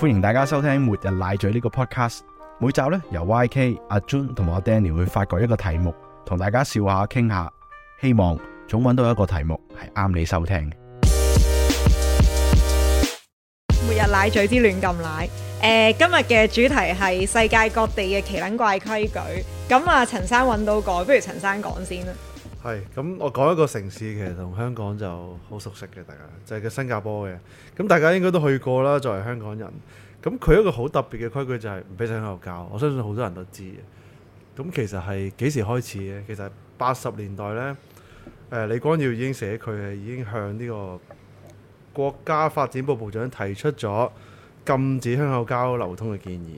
歡迎大家收聽《末日奶嘴》呢、這個 podcast，每集咧由 YK、啊、阿 Jun 同埋阿 Danny 會發掘一個題目，同大家笑下、傾下，希望總揾到一個題目係啱你收聽。末日奶嘴之亂撳奶，誒、呃，今日嘅主題係世界各地嘅奇撚怪規矩。咁、呃、啊，陳生揾到個，不如陳生講先啦。係咁，我講一個城市，其實同香港就好熟悉嘅，大家就係個新加坡嘅。咁大家應該都去過啦，作為香港人。咁佢一個好特別嘅規矩就係唔俾食香口膠。我相信好多人都知嘅。咁其實係幾時開始咧？其實八十年代呢、呃，李光耀已經寫佢係已經向呢個國家發展部部長提出咗禁止香口膠流通嘅建議。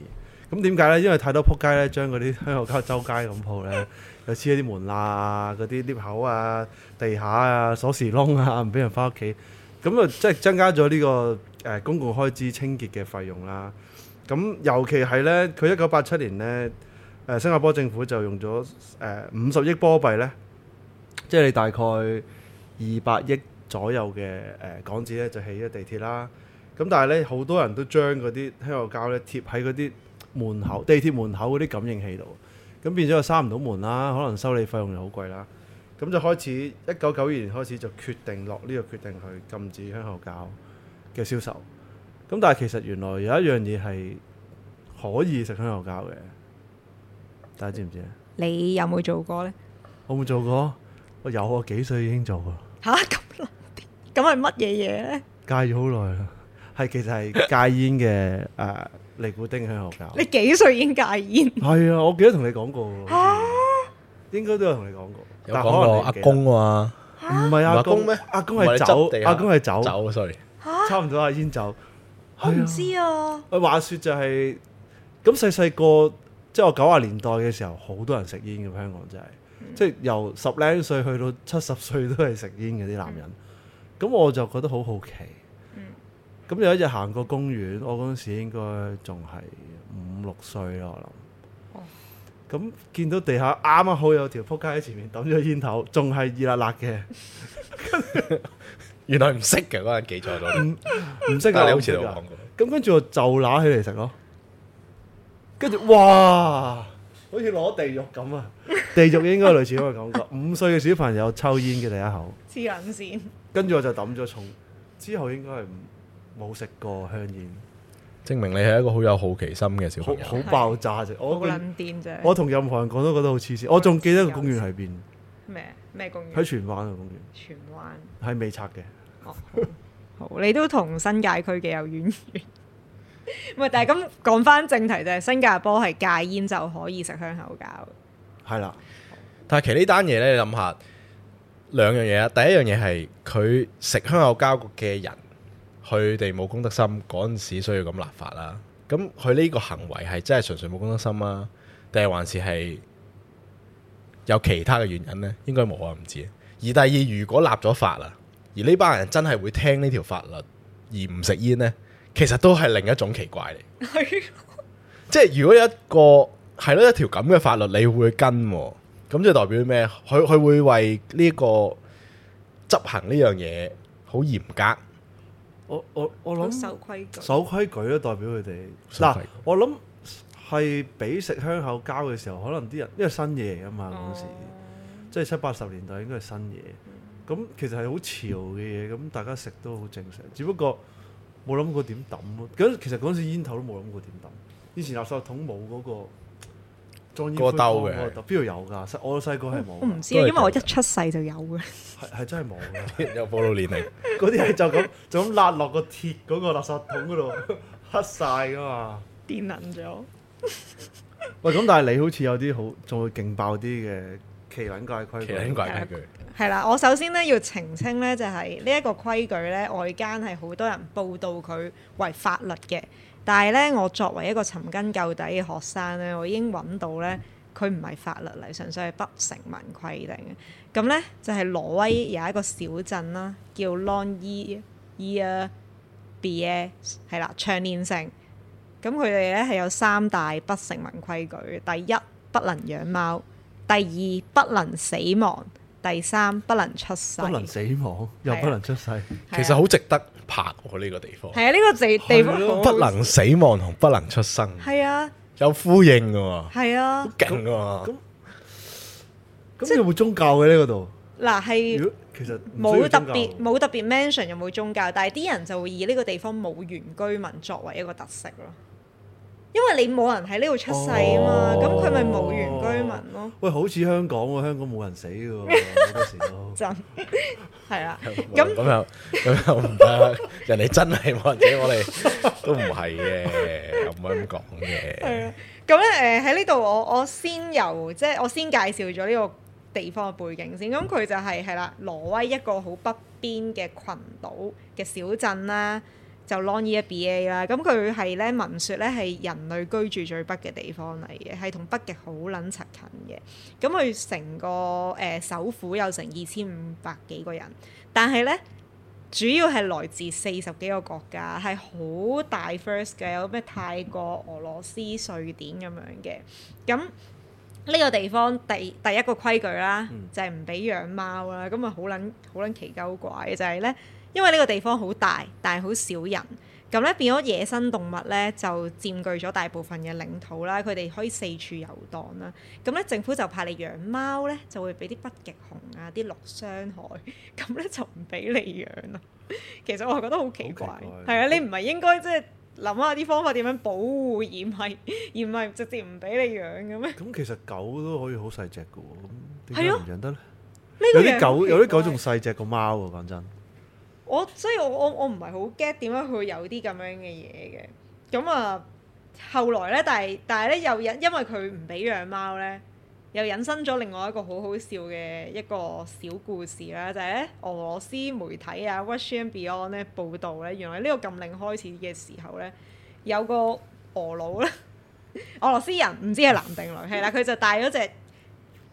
咁點解呢？因為太多撲街呢，將嗰啲香口膠周街咁鋪呢， 又黐一啲門罅啊，嗰啲 𨋢 口啊、地下啊、鎖匙窿啊，唔 俾人翻屋企，咁啊，即係增加咗呢、這個誒、呃、公共開支清潔嘅費用啦。咁、啊、尤其係呢，佢一九八七年呢，誒、呃、新加坡政府就用咗誒五十億波幣呢，即係你大概二百億左右嘅、呃、港紙呢，就起咗地鐵啦。咁、啊、但係呢，好多人都將嗰啲香口膠呢貼喺嗰啲門口地鐵門口嗰啲感應器度，咁變咗又閂唔到門啦，可能修理費用又好貴啦，咁就開始一九九二年開始就決定落呢個決定去禁止香口膠嘅銷售。咁但係其實原來有一樣嘢係可以食香口膠嘅，大家知唔知啊？你有冇做過呢？我冇做過，我有啊，幾歲已經做過？吓咁難啲？咁係乜嘢嘢呢？戒咗好耐啦，係其實係戒煙嘅誒。尼古丁喺學校，你幾歲已經戒煙？係啊，我記得同你講過喎。啊，應該都有同你講過，有係可能阿公啊？唔係阿公咩？阿公係走，阿公係 o r r y 差唔多阿煙走。我唔知啊。話說就係咁細細個，即係我九啊年代嘅時候，好多人食煙嘅香港真係，即係由十零歲去到七十歲都係食煙嘅啲男人。咁我就覺得好好奇。咁有一日行過公園，我嗰陣時應該仲係五六歲咯，我諗。哦。咁見到地下啱啱好有條撲街喺前面，抌咗個煙頭，仲係熱辣辣嘅。原來唔識嘅嗰人記錯咗。唔識啊！但係你好似有講過。咁跟住我就攞起嚟食咯。跟住哇，好似攞地獄咁啊！地獄應該類似咁嘅感覺。五歲嘅小朋友抽煙嘅第一口。黐撚線。跟住我就抌咗重，之後應該係唔。冇食過香煙，證明你係一個好有好奇心嘅小朋友。好爆炸啫！我我同任何人講都覺得好黐線。我仲記得個公園喺邊？咩咩公園？喺荃灣啊！公園。荃灣。係未拆嘅。哦，好。你都同新界區嘅有淵源。唔係，但係咁講返正題就係新加坡係戒煙就可以食香口膠。係啦。但係其實呢單嘢咧，你諗下兩樣嘢啊。第一樣嘢係佢食香口膠嘅人。佢哋冇公德心，嗰陣時需要咁立法啦。咁佢呢個行為係真係純粹冇公德心啊？定係還是係有其他嘅原因呢？應該冇啊，唔知。而第二，如果立咗法啦，而呢班人真係會聽呢條法律而唔食煙呢，其實都係另一種奇怪嚟。 即係如果有一個係咯一條咁嘅法律，你會跟，咁就代表咩？佢佢會為呢個執行呢樣嘢好嚴格。我我我諗守規矩守規矩咯，代表佢哋嗱，我諗係俾食香口膠嘅時候，可能啲人因為新嘢啊嘛嗰陣時，即係、哦、七八十年代應該係新嘢，咁、嗯、其實係好潮嘅嘢，咁、嗯、大家食都好正常，只不過冇諗過點抌咯。咁其實嗰陣時煙頭都冇諗過點抌，以前垃圾桶冇嗰個。裝衣過兜嘅，邊度有㗎？我細個係冇。唔知啊，因為我一出世就有嘅。係係 真係冇嘅， 有報道年齡。嗰啲係就咁就咁揦落個鐵嗰個垃圾桶嗰度， 黑晒㗎嘛。電能咗。 喂，咁但係你好似有啲好仲會勁爆啲嘅奇撚怪規矩。奇撚怪規矩。係啦，我首先咧要澄清咧，就係呢一個規矩咧，外間係好多人報道佢為法律嘅。但係咧，我作為一個尋根究底嘅學生咧，我已經揾到咧，佢唔係法律嚟，純粹係不成文規定嘅。咁咧就係挪威有一個小鎮啦，叫 Longyearbyen，係啦，長年城。咁佢哋咧係有三大不成文規矩：第一，不能養貓；第二，不能死亡；第三，不能出世。不能死亡又不能出世，其實好值得。拍過呢個地方，係啊，呢、這個地方、啊、不能死亡同不能出生，係啊，有呼應嘅喎，係啊，好勁嘅喎，咁即係有冇宗教嘅呢個度？嗱，係其實冇特別冇特別 mention 有冇宗教，但係啲人就會以呢個地方冇原居民作為一個特色咯。因為你冇人喺呢度出世啊嘛，咁佢咪冇原居民咯。喂，好似香港喎，香港冇人死喎，真係啦。咁咁又咁又唔得， 人哋真係或者我哋都唔係嘅，唔可以咁講嘅。係啊，咁咧誒喺呢度，我我先由即係我先介紹咗呢個地方嘅背景先。咁佢就係係啦，挪威一個好北邊嘅群島嘅小鎮啦。就 Longyearbyen 啦，咁佢係咧，聞說咧係人類居住最北嘅地方嚟嘅，係同北極好撚接近嘅。咁佢成個誒、呃、首府有成二千五百幾個人，但係咧主要係來自四十幾個國家，係好大 first 嘅，有咩泰國、俄羅斯、瑞典咁樣嘅。咁、嗯、呢個地方第第一個規矩啦，嗯、就係唔俾養貓啦。咁啊好撚好撚奇鳩怪嘅就係、是、咧。因為呢個地方好大，但係好少人，咁咧變咗野生動物咧就佔據咗大部分嘅領土啦。佢哋可以四處遊蕩啦。咁咧政府就派你養貓咧，就會俾啲北極熊啊、啲鹿傷害咁咧就唔俾你養啦。其實我覺得好奇怪，係啊，你唔係應該即係諗下啲方法點樣保護而，而唔係而唔係直接唔俾你養嘅咩？咁其實狗都可以好細隻㗎喎，點解唔養得咧、啊這個？有啲狗有啲狗仲細隻過貓喎，講真。我所以我，我我我唔係好 get 點解佢會有啲咁樣嘅嘢嘅。咁啊後來咧，但係但係咧又因為佢唔俾養貓咧，又引申咗另外一個好好笑嘅一個小故事啦，就係、是、咧俄羅斯媒體啊，Russian Beyond 咧報導咧，原來呢個禁令開始嘅時候咧，有個俄佬咧， 俄羅斯人唔知係男定女？係 啦，佢就帶咗隻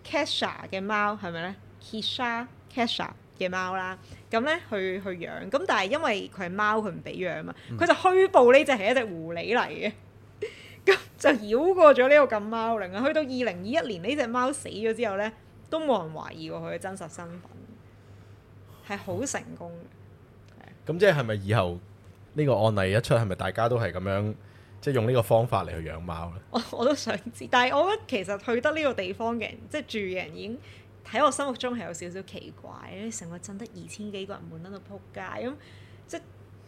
Kesha 嘅貓係咪咧？Kesha Kesha 嘅貓啦。咁咧去去養，咁但係因為佢係貓，佢唔俾養啊嘛，佢就虛報呢隻係一隻狐狸嚟嘅，咁 就繞過咗呢個禁貓令啊！去到二零二一年呢隻貓死咗之後咧，都冇人懷疑過佢嘅真實身份，係好成功嘅。咁、嗯、是即係係咪以後呢個案例一出，係咪大家都係咁樣即係、就是、用呢個方法嚟去養貓咧？我我都想知，但係我覺得其實去得呢個地方嘅人，即係住嘅人已經。睇我心目中係有少少奇怪，呢成個鎮得二千幾個人悶喺度撲街。咁、嗯、即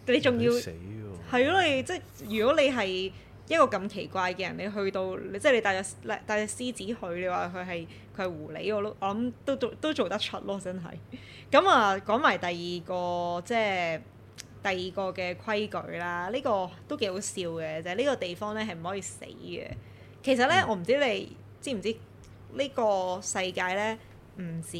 你仲要係咯，你即如果你係一個咁奇怪嘅人，你去到即係你帶隻帶隻獅子去，你話佢係佢係狐狸，我諗我諗都都，都做得出咯，真係。咁 啊、嗯，講埋第二個即係第二個嘅規矩啦，呢、呢個都幾好笑嘅，就係呢個地方咧係唔可以死嘅。其實咧，我唔知你知唔知呢個世界咧？唔止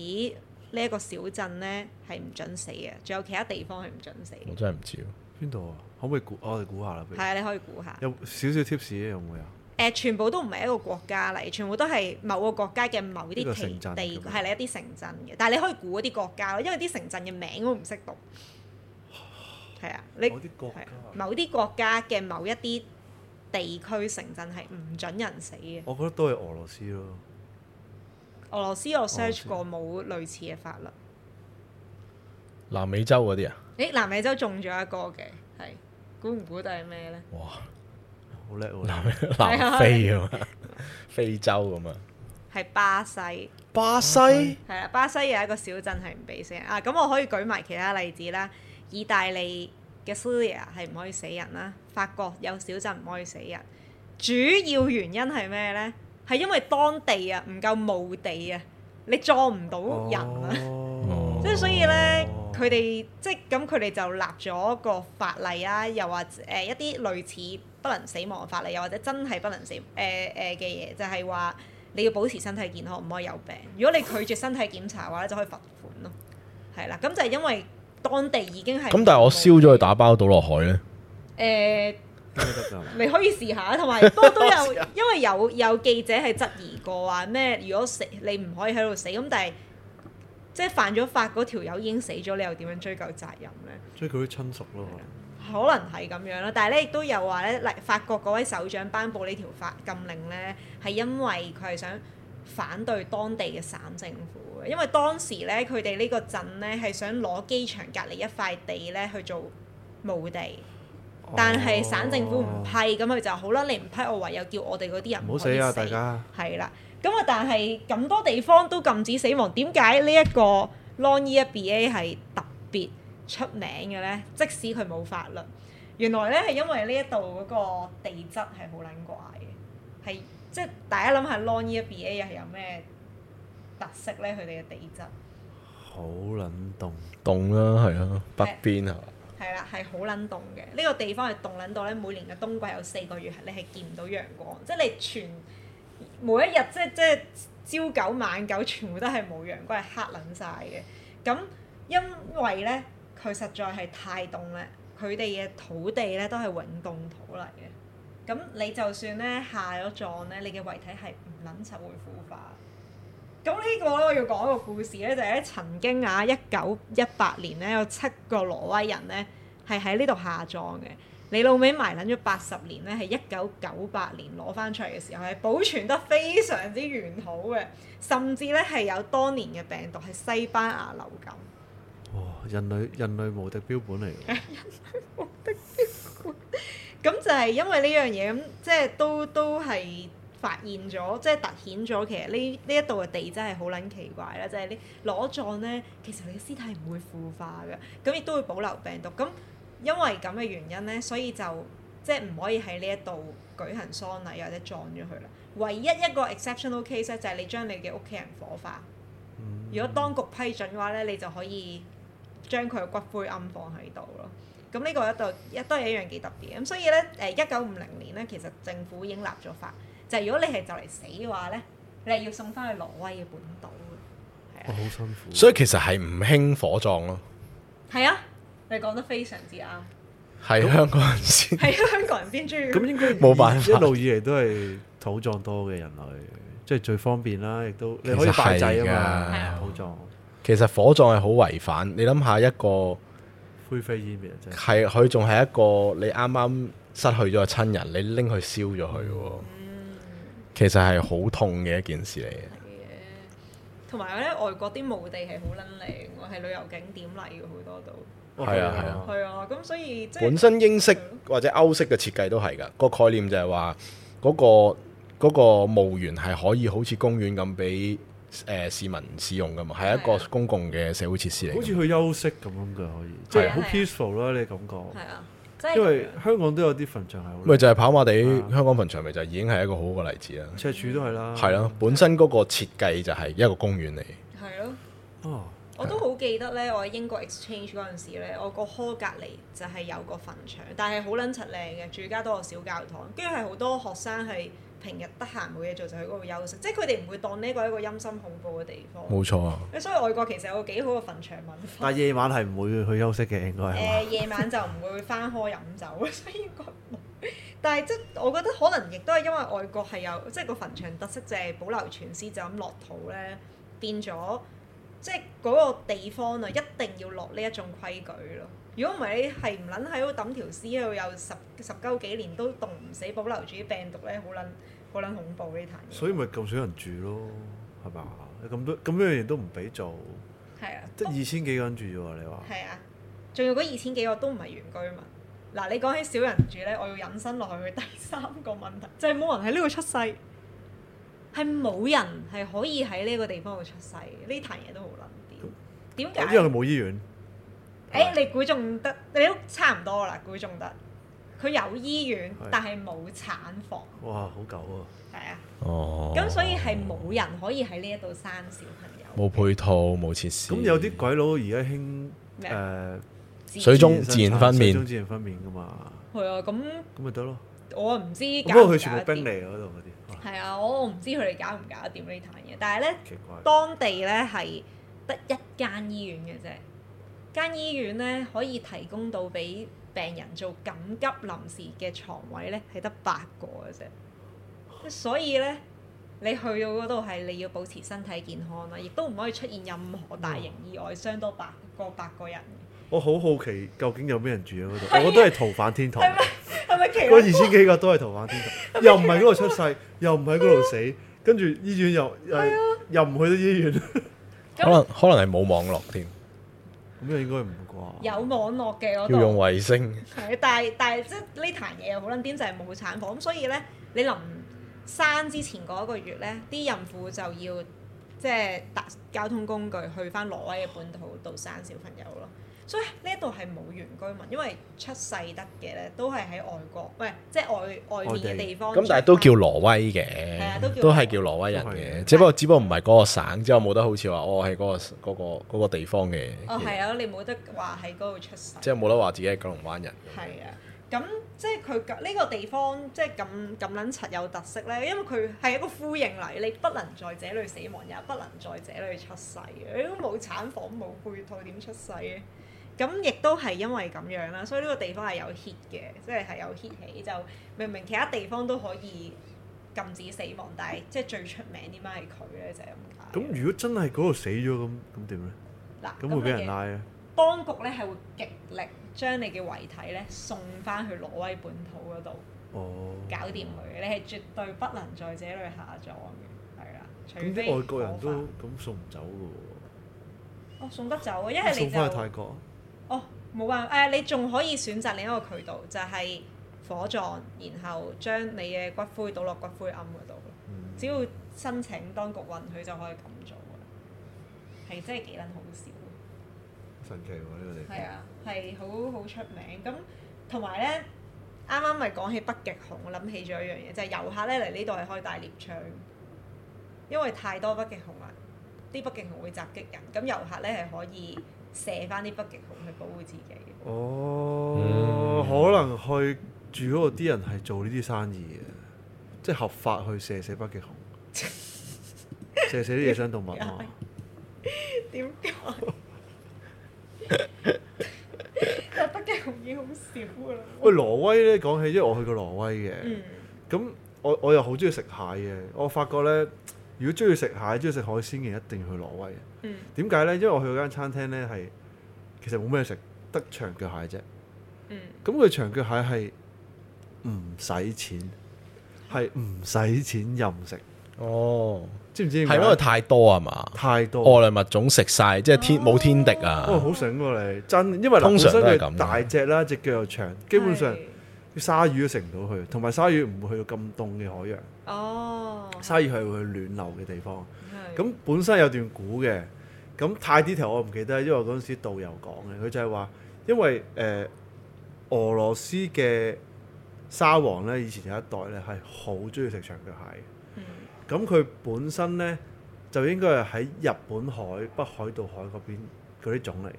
呢一個小鎮咧係唔準死嘅，仲有其他地方係唔準死。我真係唔知喎，邊度啊？可唔可以估、啊？我哋估下啦。係啊，你可以估下。有少少 tips 有冇有？誒、呃，全部都唔係一個國家嚟，全部都係某個國家嘅某啲地係你一啲城鎮嘅。但係你可以估嗰啲國家咯，因為啲城鎮嘅名我唔識讀。係啊唉，你某啲國家嘅某一啲地區城鎮係唔準人死嘅。死我覺得都係俄羅斯咯。俄羅斯我 search 過冇類似嘅法律。南美洲嗰啲啊？咦，南美洲中咗一個嘅，係估唔估得係咩呢？哇，好叻！南 南非 非洲咁啊。係巴西。巴西？係啊，okay，巴西有一個小鎮係唔俾死人啊！咁我可以舉埋其他例子啦。意大利嘅 Sellia 係唔可以死人啦。法國有小鎮唔可以死人。主要原因係咩呢？係因為當地啊唔夠墓地啊，你撞唔到人啊，即 係、嗯、所以咧，佢哋即係咁佢哋就立咗個法例啊，又或誒、呃、一啲類似不能死亡嘅法例，又或者真係不能死誒誒嘅嘢，就係、是、話你要保持身體健康，唔可以有病。如果你拒絕身體檢查嘅話咧，就可以罰款咯。係啦，咁就係因為當地已經係咁，但係我燒咗去打包倒落海咧。誒、呃。未 可以試下，同埋不過都有，因為有有記者係質疑過話咩？如果死你唔可以喺度死，咁但係即係犯咗法嗰條友已經死咗，你又點樣追究責任呢？追究啲親屬咯，可能係咁樣咯。但係咧，亦都有話咧，法國嗰位首長頒布呢條法禁令咧，係因為佢係想反對當地嘅省政府嘅，因為當時咧佢哋呢個鎮咧係想攞機場隔離一塊地咧去做墓地。但係省政府唔批，咁佢、哦、就好啦。你唔批，我唯有叫我哋嗰啲人唔可以死死、啊、大家！係啦，咁啊，但係咁多地方都禁止死亡，點解呢一個 Longyearbyen 係特別出名嘅咧？即使佢冇法律，原來咧係因為呢一度嗰個地質係好撚怪嘅，係即係大家諗下 Longyearbyen 又係有咩特色咧？佢哋嘅地質好撚凍，凍啦冷，係啊，北邊啊。欸係啦，係好撚凍嘅。呢、這個地方係凍撚到咧，每年嘅冬季有四個月，你係見唔到陽光，即係你全每一日，即係即係朝九晚九，全部都係冇陽光，係黑撚晒嘅。咁因為咧，佢實在係太凍咧，佢哋嘅土地咧都係永凍土嚟嘅。咁你就算咧下咗葬咧，你嘅遺體係唔撚實會腐化。咁呢個咧我要講一個故事咧，就係咧曾經啊，一九一八年咧，有七個挪威人咧係喺呢度下葬嘅，你老尾埋撚咗八十年咧，係一九九八年攞翻出嚟嘅時候係保存得非常之完好嘅，甚至咧係有當年嘅病毒係西班牙流感。哇、哦！人類人類無敵標本嚟嘅， 人類無敵標本。咁 就係因為呢樣嘢，咁即係都都係。發現咗，即係凸顯咗，其實呢呢一度嘅地真係好撚奇怪啦，就係你攞葬咧，其實你嘅屍體唔會腐化嘅，咁亦都會保留病毒。咁因為咁嘅原因咧，所以就即係唔可以喺呢一度舉行喪禮或者葬咗佢啦。唯一一個 exceptional case 咧，就係你將你嘅屋企人火化。嗯、如果當局批准嘅話咧，你就可以將佢嘅骨灰龕放喺度咯。咁呢個一度亦都係一樣幾特別咁，所以咧誒，一九五零年咧，其實政府已經立咗法。就如果你係就嚟死嘅話咧，你係要送翻去挪威嘅本島嘅。哦，好辛苦啊。所以其實係唔興火葬咯啊。係啊，你講得非常之啱。係咁，香港人先係啊，香港人邊中意，咁應該冇辦法，一路以嚟都係土葬多嘅人類，即係最方便啦，亦都你可以拜祭啊嘛。係啊，土葬其實火葬係好違反。你諗下一個灰飛煙滅真係，佢仲係一個你啱啱失去咗嘅親人，你拎去燒咗佢喎。嗯其實係好痛嘅一件事嚟嘅，同埋咧外國啲墓地係好撚靚喎，係旅遊景點嚟嘅。好多都係啊，係啊，係啊，咁所以本身英式或者歐式嘅設計都係噶，個概念就係話嗰個墓園係可以好似公園咁俾誒市民使用噶嘛，係一個公共嘅社會設施嚟，好似去休息咁樣嘅可以，即係好 peaceful 囉，你感覺係啊。因為香港都有啲墳場係，咪就係跑馬地、啊、香港墳場咪就已經係一個好好嘅例子啦。赤柱都係啦。係咯，本身嗰個設計就係一個公園嚟。係咯、嗯，啊、哦，我都好記得咧，我喺英國 Exchange 嗰陣時咧，我個 hall 隔離就係有個墳場，但係好撚出靚嘅，仲要加多個小教堂，跟住係好多學生係。平日得閒冇嘢做就喺嗰度休息，即係佢哋唔會當呢個係一個陰森恐怖嘅地方。冇錯啊！所以外國其實有個幾好嘅墳場文化。但係夜晚係唔會去休息嘅，應該係。夜、呃、晚就唔會翻開飲酒， 所以覺得。但係即我覺得可能亦都係因為外國係有即係、就是、個墳場特色就係保留全屍就咁落土咧，變咗即係嗰個地方啊，一定要落呢一種規矩咯。如果唔係你係唔撚喺度抌條屍喺度，有十十鳩幾年都凍唔死，保留住啲病毒咧，好撚好撚恐怖呢壇嘢。壇，所以咪咁少人住咯，係嘛？咁多咁樣嘢都唔俾做，係啊，即係二千幾個人住啫喎，你話？係啊，仲要嗰二千幾個都唔係原居民。嗱，你講起少人住咧，我要引申落去第三個問題，就係、是、冇人喺呢度出世，係冇人係可以喺呢個地方度出世。呢壇嘢都好撚點？點解？因為佢冇醫院。誒，你估仲得？你都差唔多啦，估仲得。佢有醫院，但係冇產房。哇，好久啊！係啊。哦。咁所以係冇人可以喺呢一度生小朋友。冇配套，冇設施。咁有啲鬼佬而家興誒水中自然分娩，水中自然分娩㗎嘛？係啊，咁咁咪得咯。我唔知。不過佢全部冰嚟嗰度嗰啲。係啊，我唔知佢哋搞唔搞得掂呢單嘢，但係咧當地咧係得一間醫院嘅啫，間醫院咧可以提供到俾病人做緊急臨時嘅床位咧，係得八個嘅啫。所以咧，你去到嗰度係你要保持身體健康啦，亦都唔可以出現任何大型意外傷多八個八個人。我好好奇究竟有咩人住喺嗰度？我都係逃犯天堂。係咪？嗰二千幾個都係逃犯天堂。又唔係嗰度出世，又唔喺嗰度死，跟住醫院又又唔去到醫院。可能可能係冇網絡添。咁應該唔啩，有網絡嘅，我都要用衛星。但係但係即係呢壇嘢又好撚癲，就係冇產房，咁所以咧，你臨生之前嗰一個月咧，啲孕婦就要即係搭交通工具去翻挪威嘅本土度生小朋友咯。所以呢一度係冇原居民，因為出世得嘅咧都係喺外國，喂，即係外外邊嘅地方。咁 Okay. 怕但係都叫挪威嘅、啊，都係叫，叫挪威人嘅，的只不過只不過唔係嗰個省，之後冇得好似話我喺嗰、嗰個嗰、嗰個嗰個、地方嘅。哦，係啊，你冇得話喺嗰度出世，即係冇得話自己係九龍灣人。係啊，咁即係佢呢個地方即係咁咁撚柒有特色咧，因為佢係一個呼應嚟，你不能在這裏死亡，也不能在這裏出世。你都冇產房，冇配套，點出世？咁亦都係因為咁樣啦，所以呢個地方係有 hit 嘅，即係係有 hit 起，就明明其他地方都可以禁止死亡，但係即係最出名點解係佢咧就係咁解。咁如果真係嗰度死咗咁，咁點咧？嗱，咁會俾人拉啊？當局咧係會極力將你嘅遺體咧送翻去挪威本土嗰度，哦，搞掂佢，你係絕對不能在這裏下葬嘅，係啦。咁啲外國人都咁送唔走噶喎、哦？哦，送得走啊！因為你翻去泰國。冇辦法誒，你仲可以選擇另一個渠道，就係、是、火葬，然後將你嘅骨灰倒落骨灰庵嗰度。嗯、只要申請當局允許就可以咁做啦，係真係幾撚好笑。神奇喎、啊！呢、呢個地方係好好出名咁，同埋呢，啱啱咪講起北極熊，我諗起咗一樣嘢，就係、是、遊客呢嚟呢度係可以帶獵槍，因為太多北極熊啦，啲北極熊會襲擊人，咁遊客呢係可以。射翻啲北極熊去保護自己。哦，嗯、可能去住嗰度啲人係做呢啲生意嘅，即係合法去射射北極熊， 射射啲野生動物啊嘛。點解？但係北極熊已經好少㗎啦。喂，挪威咧，講起因為我去過挪威嘅，咁、嗯、我我又好中意食蟹嘅，我發覺咧。如果中意食蟹、中意食海鮮嘅，一定去挪威。點解咧？因為我去嗰間餐廳咧，係其實冇咩食得長腳蟹啫。咁佢、嗯、長腳蟹係唔使錢，係唔使錢任食。哦，知唔知？係因為太多吖嘛？太多外來物種食晒，即係天冇天敵啊！哦，好醒過你，真因為通常都係咁大隻啦，隻腳又長，基本上。啲沙魚都食唔到佢，同埋沙魚唔會去到咁凍嘅海洋。哦，沙魚係會去暖流嘅地方。係的。咁本身有段故嘅，咁泰 d e 我唔記得，因為嗰陣時導遊講嘅，佢就係話，因為誒、呃、俄羅斯嘅沙皇咧，以前有一代咧係好中意食長腳蟹嘅。咁佢、嗯、本身咧就應該係喺日本海、北海道海嗰邊嗰啲種嚟嘅。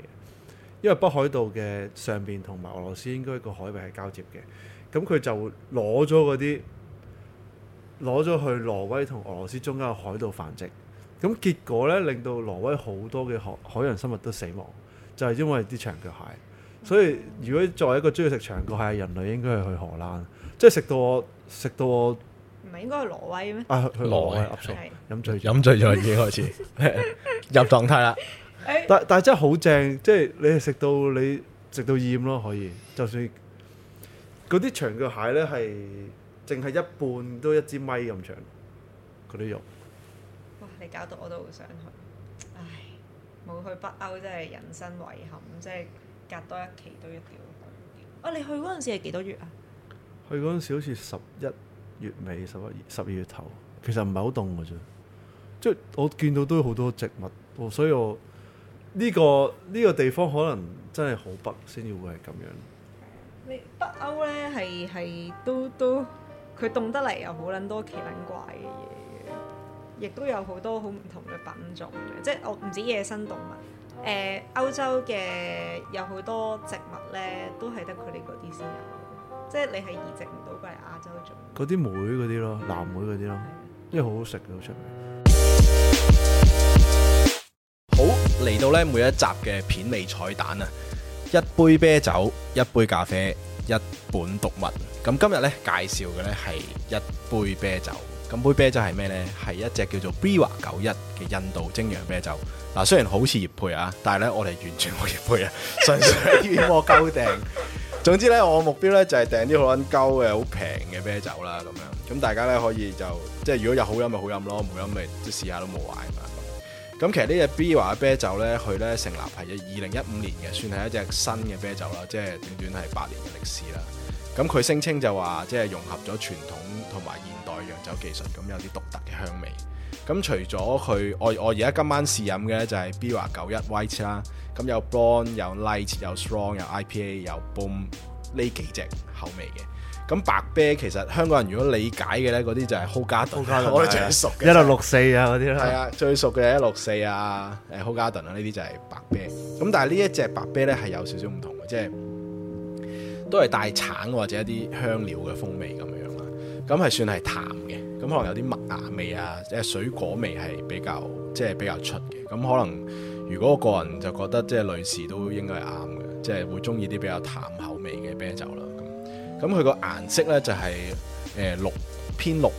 因為北海道嘅上邊同埋俄羅斯應該個海域係交接嘅，咁佢就攞咗嗰啲，攞咗去挪威同俄羅斯中間嘅海度繁殖，咁結果咧令到挪威好多嘅海海洋生物都死亡，就係、是、因為啲長腳蟹。所以如果作為一個中意食長腳蟹嘅人類，應該係去荷蘭，即係食到我食到我，唔係應該去挪威咩？啊、哎，去挪、挪威，飲錯是醉飲醉咗已經開始 入狀態啦。但但真係好正，即係你係食到你食到厭咯，可以。就算嗰啲長腳蟹咧，係淨係一半都一支米咁長，嗰啲肉。哇！你搞到我都好想去，唉！冇去北歐真係人生遺憾，即係隔多一期都一定要去。啊！你去嗰陣時係幾多月啊？去嗰陣時好似十一月尾、十一月十二月頭，其實唔係好凍嘅啫。即係我見到都有好多植物，所以我。呢、這個呢、這個地方可能真係好北先至會係咁樣。你北歐咧係係都都佢凍得嚟又好撚多奇撚怪嘅嘢嘅，亦都有好多好唔同嘅品種嘅，即係我唔止野生動物，誒、呃、歐洲嘅有好多植物咧都係得佢哋嗰啲先有，有，即係你係移植唔到過嚟亞洲種。嗰啲梅嗰啲咯，藍莓嗰啲咯，的因為好好食嘅，好出名。嚟到咧每一集嘅片尾彩蛋啊！一杯啤酒，一杯咖啡，一本讀物。咁今日咧介紹嘅咧係一杯啤酒。咁杯啤酒係咩咧？係一隻叫做 Bira 九一嘅印度精釀啤酒。嗱，雖然好似業配啊，但係咧我哋完全冇業配啊，純粹係冤窩鳩訂。總之咧，我目標咧就係訂啲好撚鳩嘅、好平嘅啤酒啦。咁樣，咁大家咧可以就即係，如果有好飲咪好飲咯，冇飲咪即係試下都冇壞嘛。咁其實呢隻 Birra 嘅啤酒呢，佢呢成立係二零一五年嘅，算係一隻新嘅啤酒啦，即係短短係八年嘅歷史啦。咁佢聲稱就話，即係融合咗傳統同埋現代釀酒技術，咁有啲獨特嘅香味。咁除咗佢，我我而家今晚試飲嘅呢就係 Birra 九一 White 啦，咁有 Brown、有 Light、有 Strong、有 IPA、有 Boom 呢幾隻口味嘅。咁白啤其實香港人如果理解嘅呢，嗰啲就係好加頓，我哋最熟嘅一六六四啊嗰啲啦，係啊，最熟嘅一六四啊，h 誒，好加頓啊呢啲，就係白啤。咁但係呢一隻白啤呢係有少少唔同嘅，即係都係帶橙或者一啲香料嘅風味咁樣啦。咁係算係淡嘅，咁可能有啲麥芽味啊，即係水果味係比較即係比較出嘅。咁可能如果個人就覺得即係女士都應該係啱嘅，即係會鍾意啲比較淡口味嘅啤酒啦。咁佢個顏色咧就係誒綠偏綠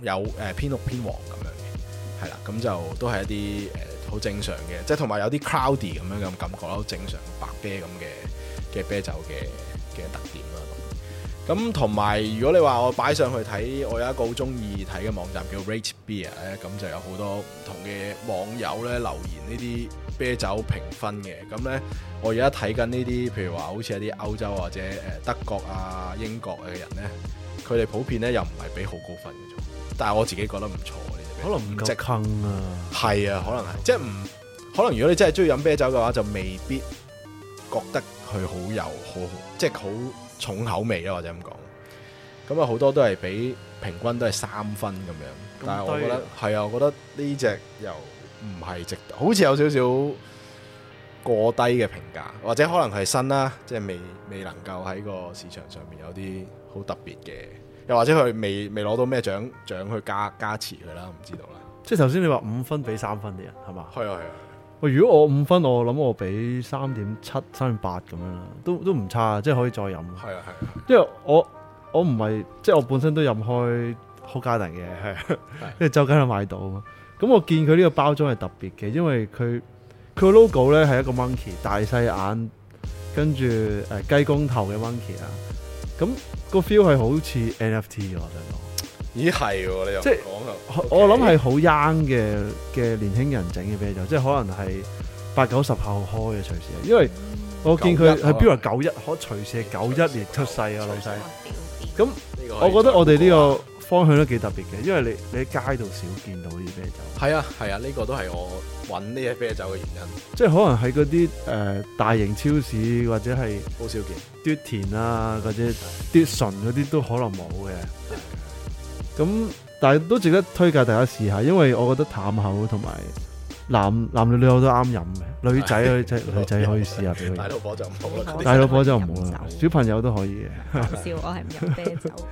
有誒、呃、偏綠偏黃咁樣嘅，係啦，咁就都係一啲誒好正常嘅，即係同埋有啲 cloudy 咁樣咁感覺咯，正常白啤咁嘅嘅啤酒嘅嘅特點。咁同埋，如果你話我擺上去睇，我有一個好中意睇嘅網站叫 RateBeer 咧，咁就有好多唔同嘅網友咧留言呢啲啤酒評分嘅。咁咧，我而家睇緊呢啲，譬如話好似一啲歐洲或者誒德國啊、英國嘅人咧，佢哋普遍咧又唔係俾好高分嘅啫。但係我自己覺得唔錯，可能唔值坑啊。係啊，可能係，即係唔可能。如果你真係中意飲啤酒嘅話，就未必覺得佢好有好即係好。就是重口味咯，或者咁講，咁啊好多都係畀平均都係三分咁樣，但係我覺得係啊，我覺得呢隻又唔係值得，好似有少少過低嘅評價，或者可能佢係新啦，即係未未能夠喺個市場上面有啲好特別嘅，又或者佢未未攞到咩獎獎去加加持佢啦，唔知道啦。即係頭先你話五分畀三分啲人係嘛？係啊係啊。喂，如果我五分，我諗我俾三點七、三點八咁樣啦，都都唔差，即係可以再飲。係啊，係啊，因為我我唔係，即係我本身都飲開好佳能嘅，係啊，啊， 因為周街都買到啊嘛。咁我見佢呢個包裝係特別嘅，因為佢佢個 logo 咧係一個 monkey 大細眼，跟住誒雞公頭嘅 monkey 啊，咁個 feel 係好似 NFT 嘅，我想講。咦係喎，你又即係講 Okay. 我諗係好 young 嘅嘅年輕人整嘅啤酒，即係可能係八九十後開嘅隨時，因為我見佢係標為九一，可隨時係九一年出世啊，老細。咁生我覺得我哋呢個方向都幾特別嘅，因為你你喺街度少見到啲啤酒。係啊係啊，呢個都係我揾呢啲啤酒嘅原因。即係可能喺嗰啲誒大型超市或者係好少見，嘟田啊或者嘟醇嗰啲都可能冇嘅。咁，但係都值得推介大家試下，因為我覺得淡口同埋男男女女都啱飲嘅，女仔可以， 女仔可以試下啤酒，大肚婆就唔好啦，大肚婆就唔好啦，小朋友都可以。嘅。笑我係唔飲啤酒 好。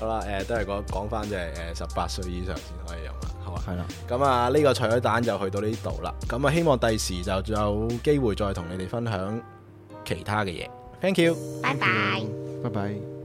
好、呃、啦，誒，都係講講翻就係誒十八歲以上先可以飲啦，好嘛？係啦是的。咁啊，呢個彩蛋就去到呢度啦。咁啊，希望第時就有機會再同你哋分享其他嘅嘢。Thank you。Bye bye. 拜拜。拜拜。